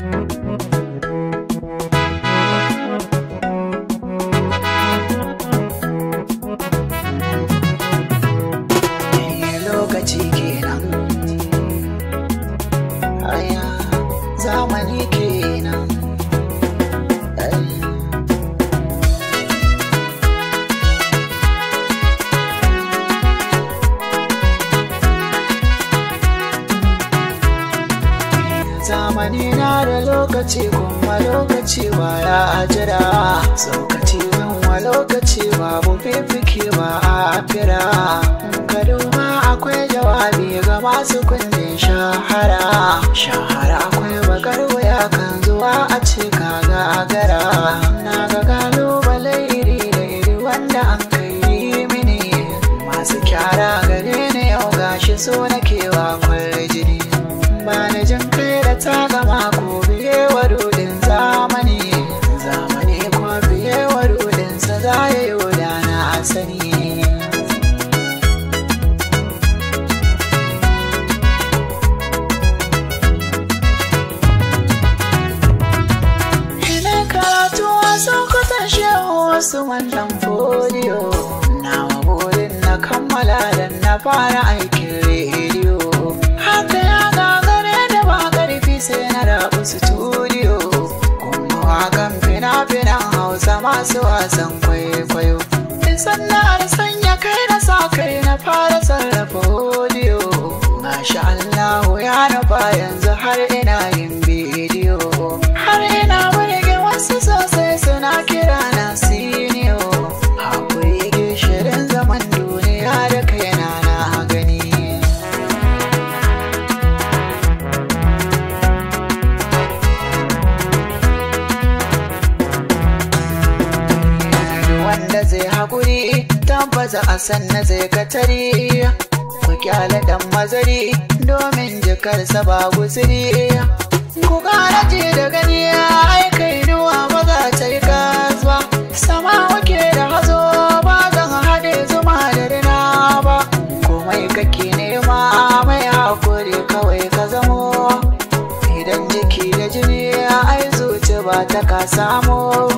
Thank you. zamani na da lokaci kuma lokaci baya a jira saukaci wa lokaci ba fifike ba a fira garin ma akwai jawabi ga masu kunne shahara shahara akwai bakar waya kan zuwa a ce ka gara. na ga kalubale iri da iri wanda an kai mini masu kyara gare ni yau gashi so nake ta gama ko biye zamani zamani kuma biye wa rudin sa za yi wudana a sani Ina karatu a sokutan shehu wasu wannan fodiyo na waburin na kammala dan na fara aikin rediyo fina-finan hausa masu wasan kwaikwayo. Sannan sanya kai na sa kai maza a sanna zai katari ku kyale dan mazari domin jikarsa ba guziri ku kara ji da gani ai kai nuwa ba za ta yi kasuwa sama wake da hazo ba zan haɗe zuma da rina ba komai kake nema mai hakuri kawai ka zamo idan jiki da jini ai zuci ba ta ka samo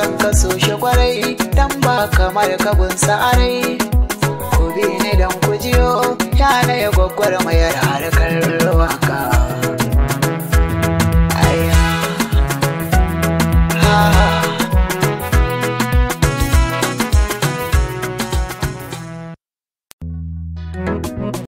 san ka so shi kwarai dan ba kamar kabin arai ku bi ni dan ku ya na ya gwagwar mayar har